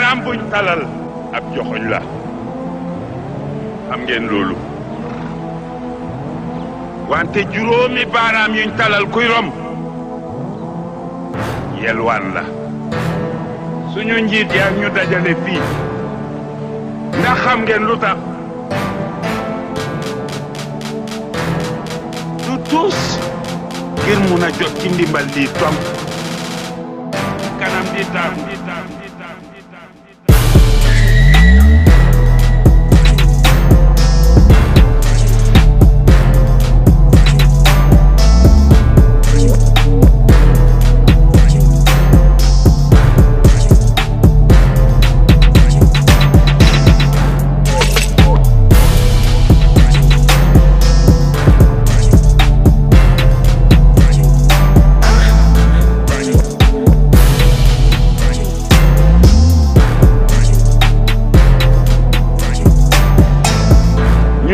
Rambo buñ talal ab joxoñ la am ngeen lolu wante juróomi baram yuñ talal kuy rom yelwaan la suñu njit ya ñu dajale fi ndax xam ngeen lutax du tous ngir jot ci ndimbal tom kanam di taam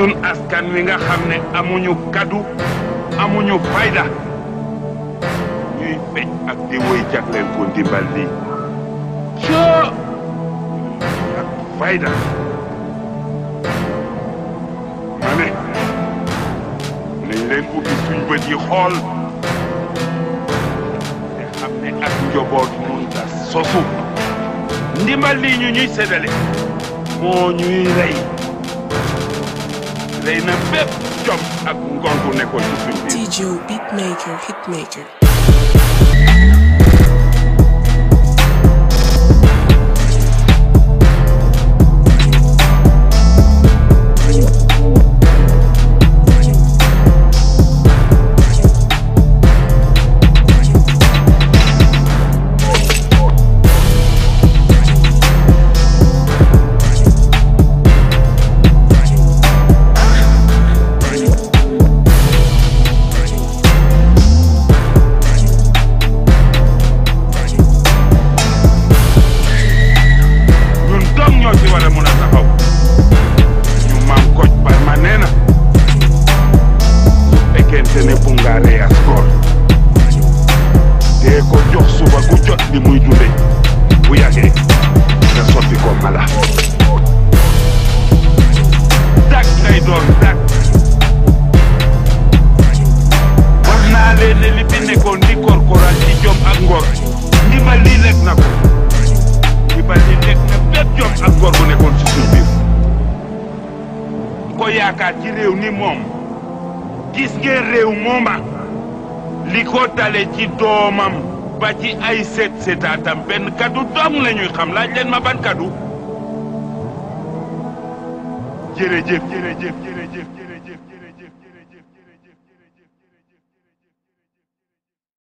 ñun askan wi nga xam ne amuñu kaddu amuñu fayda ñuy fecc ak di woy jagleen ko ndimbal lii coo ak fayda ma ne leen ubbi suñ bët yi xool te xam ne ak njoboot mun da ndimbal lii ñu ñuy séddale moo ñuy rey lay na bépp jom ak ngor gu nekkoon ci suñu DJ Beatmaker Hitmaker. Se ne punga le ya skor Te ekon djok souba kou chot di moujou le Ou ya de, ne sot di kon mala Dak la idon, dak Mwak na le le lipe ne kon di kor koran si jom ak gor Ni bali lek na kon Ni bali lek, ne pek jom ak gor kone kon si soubif Koye ak atire ou ni mom gis ngeen réew mooma li ko dale ci doomam ba ci ay seet seetaatam benn kaddu dong la ñuy xam laaj leen ma ban kaddu jërëjëf jërëjëf jërëjëf jërëjëf jërëjëf